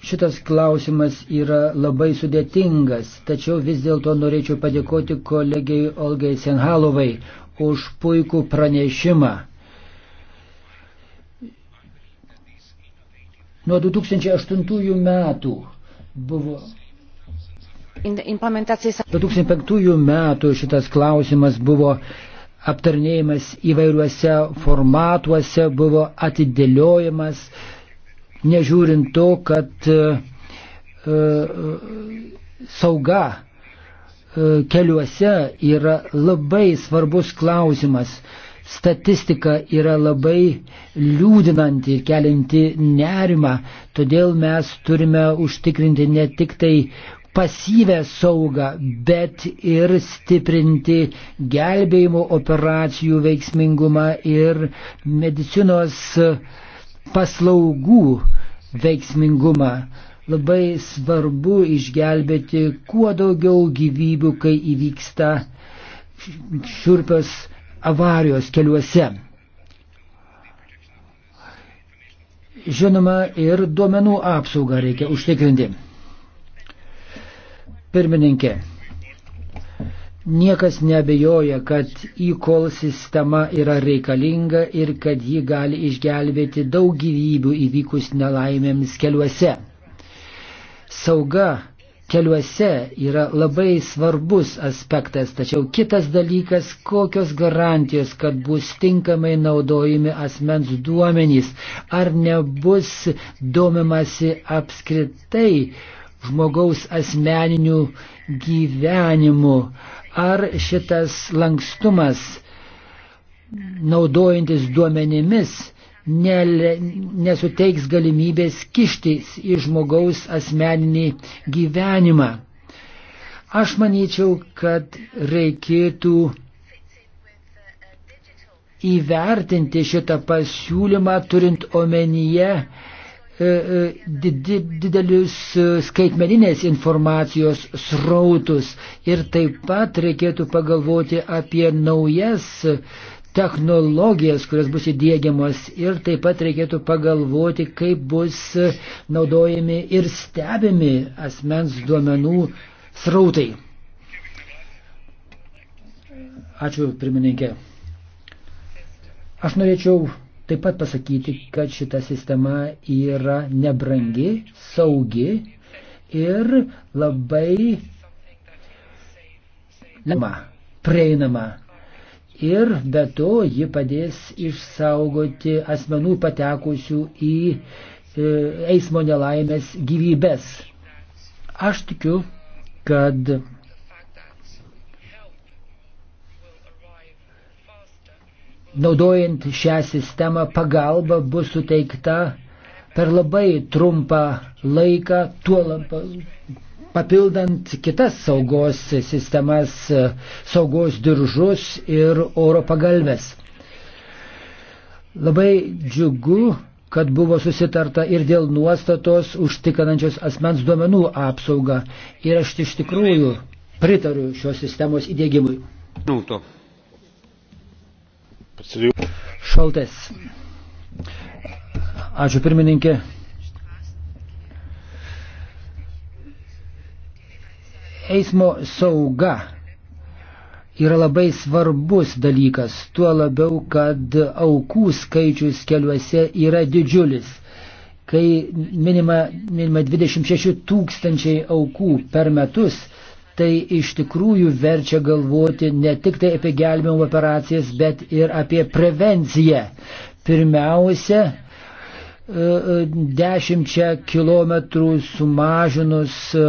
Šitas klausimas yra labai sudėtingas, tačiau vis dėlto norėčiau padėkoti kolegijai Olgai Senhalovai už puikų pranešimą. Nuo 2008 metų buvo. 2005 metų šitas klausimas buvo aptarnėjimas įvairiuose formatuose, buvo atidėliojimas, nežiūrint to, kad e, e, sauga e, keliuose yra labai svarbus klausimas. Statistika yra labai liūdinanti ir kelinti nerimą, todėl mes turime užtikrinti ne tik tai pasyvę saugą, bet ir stiprinti gelbėjimo operacijų veiksmingumą ir medicinos uh, paslaugų veiksmingumą. Labai svarbu išgelbėti kuo daugiau gyvybių, kai įvyksta šiurpios avarijos keliuose. Žinoma, ir duomenų apsaugą reikia užtikrinti. Pirmininkė, Niekas nebejoja, kad e-call sistema yra reikalinga ir kad ji gali išgelbėti daug gyvybių įvykus nelaimėms keliuose. Sauga keliuose yra labai svarbus aspektas, tačiau kitas dalykas, kokios garantijos, kad bus tinkamai naudojami asmens duomenys, ar nebus domimasi apskritai žmogaus asmeniniu gyvenimu, Ar šitas lankstumas naudojantis duomenimis ne, nesuteiks galimybės kištis į žmogaus asmeninį gyvenimą? Aš manyčiau, kad reikėtų įvertinti šitą pasiūlymą turint omenyje E, e, didelius e, skaitmeninės informacijos srautus ir taip pat reikėtų pagalvoti apie naujas technologijas, kurios bus įdėgiamos ir taip pat reikėtų pagalvoti, kaip bus naudojami ir stebimi asmens duomenų srautai. Ačiū, pirmininkė. Aš norėčiau taip pat pasakyti, kad šita sistema yra nebrangi, saugi ir labai lengva, prieinama. Ir be to ji padės išsaugoti asmenų patekusių į e, eismo nelaimės gyvybės. Aš tikiu, kad naudojant šią sistemą pagalba bus suteikta per labai trumpą laiką, tuo lab, papildant kitas saugos sistemas, saugos diržus ir oro pagalbės. Labai džiugu, kad buvo susitarta ir dėl nuostatos užtikrinančios asmens duomenų apsaugą. Ir aš iš tikrųjų pritariu šios sistemos įdėgymui. Nuto. Šaltės. Ačiū pirmininkė. Eismo sauga yra labai svarbus dalykas, tuo labiau, kad aukų skaičius keliuose yra didžiulis. Kai minima, minima 26 tūkstančiai aukų per metus, tai iš tikrųjų verčia galvoti ne tik tai apie gelbėjimo operacijas, bet ir apie prevenciją. Pirmiausia, e, e, dešimčia kilometrų sumažinus e,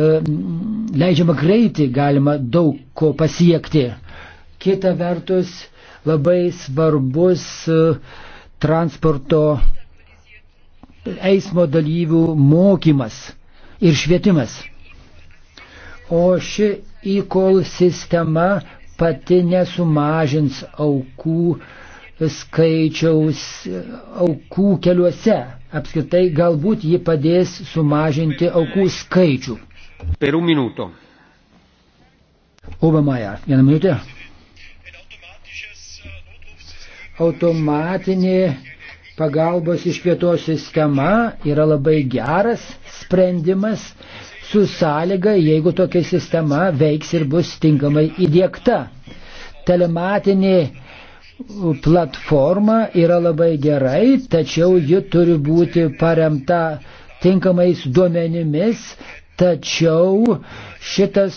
leidžiamą greitį galima daug ko pasiekti. Kita vertus, labai svarbus transporto eismo dalyvių mokymas ir švietimas. O ši e-call sistema pati nesumažins aukų skaičiaus aukų keliuose. Apskritai galbūt ji padės sumažinti aukų skaičių. Per un minuto. Obamaja, vieną minutę. Automatinė pagalbos iš pietos sistema yra labai geras sprendimas, su sąlyga, jeigu tokia sistema veiks ir bus tinkamai įdėkta. Telematinė platforma yra labai gerai, tačiau ji turi būti paremta tinkamais duomenimis, tačiau šitas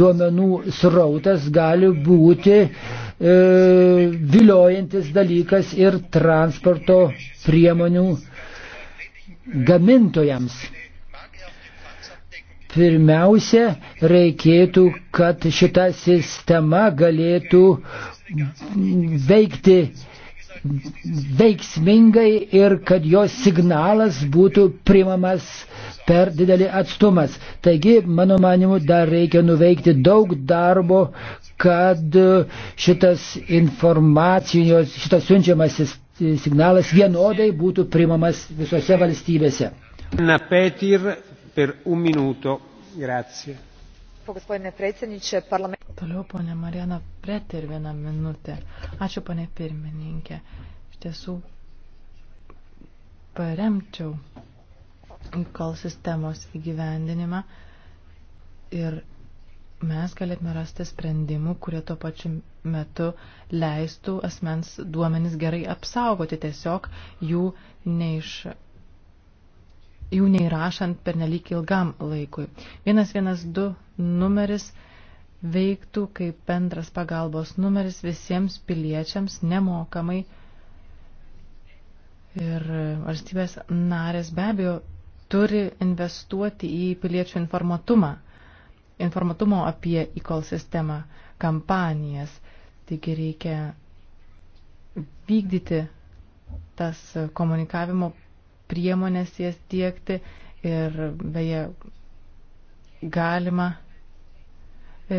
duomenų srautas gali būti e, viliojantis dalykas ir transporto priemonių gamintojams. Pirmiausia, reikėtų, kad šita sistema galėtų veikti veiksmingai ir kad jos signalas būtų primamas per didelį atstumas. Taigi, mano manimu, dar reikia nuveikti daug darbo, kad šitas informacijos, šitas siunčiamas signalas vienodai būtų primamas visose valstybėse. Na, Petir, gospodine predsjedniče toliau ponia mariana preter viena minutė ačiū ponia pirmininke iš tiesų paremčiau kol sistemos įgyvendinimą ir mes galėtume rasti sprendimų, kurie tuo pačiu metu leistų asmens duomenis gerai apsaugoti, tiesiog jų neiš, jų neįrašant per nelik ilgam laikui. 112 numeris veiktų kaip bendras pagalbos numeris visiems piliečiams nemokamai. Ir valstybės narės be abejo turi investuoti į piliečių informatumą, informatumo apie e-call sistemą, kampanijas. Taigi reikia vykdyti tas komunikavimo priemonės jas tiekti ir beje galima e,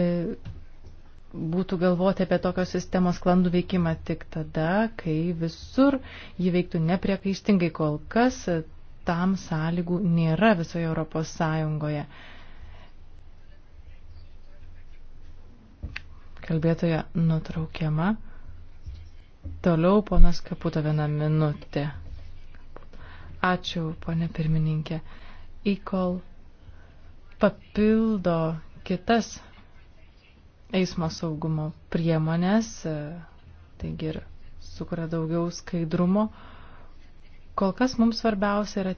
būtų galvoti apie tokios sistemos sklandų veikimą tik tada, kai visur jį veiktų nepriekaištingai kol kas, tam sąlygų nėra visoje Europos Sąjungoje. Kalbėtoja nutraukiama. Toliau ponas Kaputo vieną minutę. Ačiū, ponė pirmininkė. ECOL papildo kitas eismo saugumo priemonės, taigi ir sukuria daugiau skaidrumo. Kol kas mums svarbiausia yra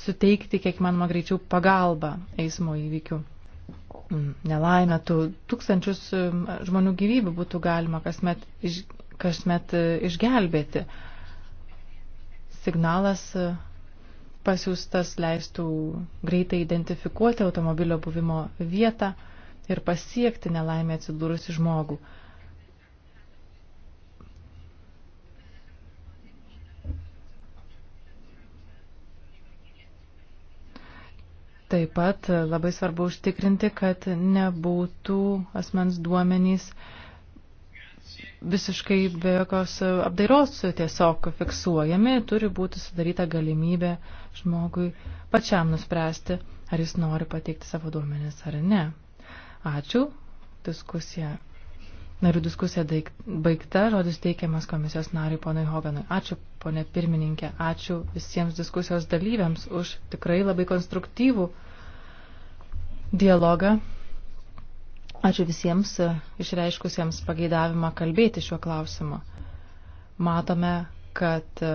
suteikti kiek manoma greičiau pagalbą eismo įvykių mm, nelaimę. Tų tūkstančius mm, žmonių gyvybių būtų galima kasmet, iš, kasmet e, išgelbėti. Uh, signalas e, pasiūstas leistų greitai identifikuoti automobilio buvimo vietą ir pasiekti nelaimę atsidūrusi žmogų. Taip pat labai svarbu užtikrinti, kad nebūtų asmens duomenys uh, visiškai be jokios apdairos tiesiog fiksuojami, turi būti sudaryta galimybė žmogui pačiam nuspręsti, ar jis nori pateikti savo duomenis ar ne. Ačiū. Diskusija. Narių diskusija baigta, žodis teikiamas komisijos nariui ponui Hoganui. Ačiū, ponė pirmininkė, ačiū visiems diskusijos dalyviams už tikrai labai konstruktyvų dialogą. Ačiū visiems e, išreiškusiems pageidavimą kalbėti šiuo klausimu. Matome, kad e,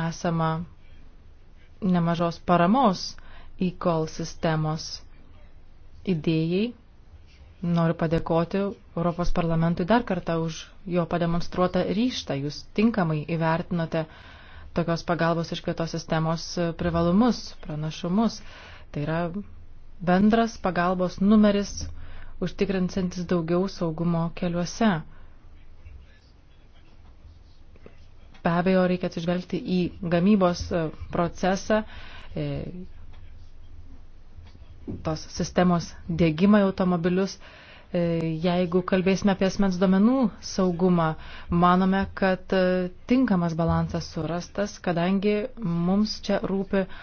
esama nemažos paramos e-call sistemos idėjai. Noriu padėkoti Europos parlamentui dar kartą už jo pademonstruotą ryštą. Jūs tinkamai įvertinote tokios pagalbos iš kitos sistemos e, privalumus, pranašumus. Tai yra bendras pagalbos numeris užtikrinsantis daugiau saugumo keliuose. Be abejo, reikia atsižvelgti į gamybos e, procesą, e, tos sistemos dėgymą į automobilius. E, jeigu kalbėsime apie asmens domenų saugumą, manome, kad tinkamas balansas surastas, kadangi mums čia rūpi uh,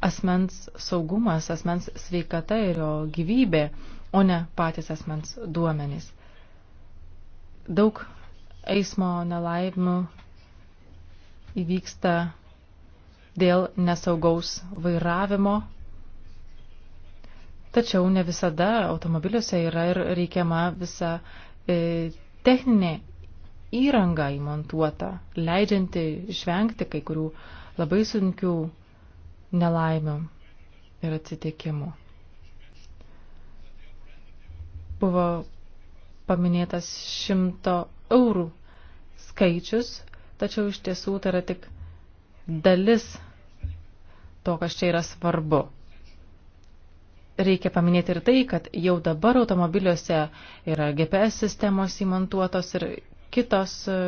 asmens saugumas, asmens sveikata ir jo gyvybė, o ne patys asmens duomenys. Daug eismo nelaimių įvyksta dėl nesaugaus vairavimo, tačiau ne visada automobiliuose yra ir reikiama visa e, techninė įranga įmontuota, leidžianti išvengti kai kurių labai sunkių nelaimių ir atsitikimų. Buvo paminėtas šimto eurų skaičius, tačiau iš tiesų tai yra tik dalis to, kas čia yra svarbu. Reikia paminėti ir tai, kad jau dabar automobiliuose yra GPS sistemos įmontuotos ir kitos e,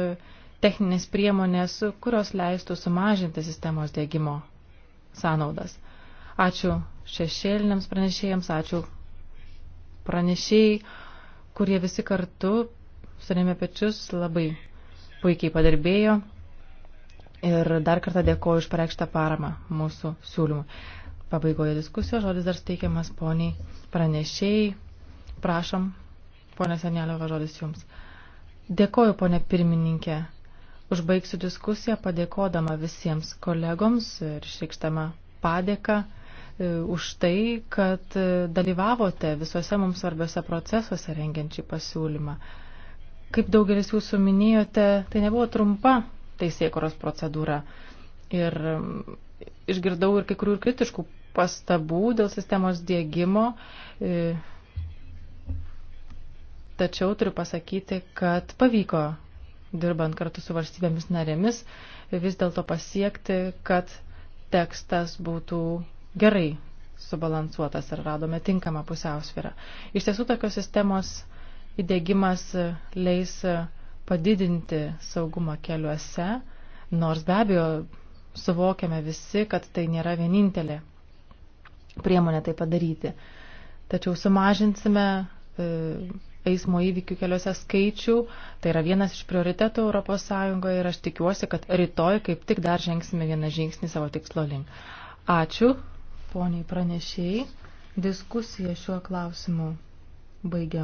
techninės priemonės, kurios leistų sumažinti sistemos dėgymo sąnaudas. Ačiū šešėliniams pranešėjams, ačiū pranešėjai, kurie visi kartu, surėmė pečius, labai puikiai padirbėjo ir dar kartą dėkoju už pareikštą paramą mūsų siūlymų. Pabaigoje diskusijos žodis dar steikiamas poniai pranešėjai. Prašom, ponė Senelio, žodis jums. Dėkoju, ponė pirmininkė. Užbaigsiu diskusiją padėkodama visiems kolegoms ir išreikštama padėką e, už tai, kad e, dalyvavote visose mums svarbiose procesuose rengiančiai pasiūlymą. Kaip daugelis jūsų minėjote, tai nebuvo trumpa teisėkoros procedūra. Ir e, išgirdau ir kai kurių ir kritiškų pastabų dėl sistemos dėgymo. Tačiau turiu pasakyti, kad pavyko dirbant kartu su valstybėmis narėmis, vis dėlto pasiekti, kad tekstas būtų gerai subalansuotas ir radome tinkamą pusiausvyrą. Iš tiesų tokios sistemos įdėgymas leis padidinti saugumą keliuose, nors be abejo suvokiame visi, kad tai nėra vienintelė priemonė tai padaryti. Tačiau sumažinsime e, eismo įvykių keliuose skaičių. Tai yra vienas iš prioritetų ES ir aš tikiuosi, kad rytoj kaip tik dar žengsime vieną žingsnį savo tikslo link. Ačiū, poniai pranešėjai. Diskusija šiuo klausimu baigiam.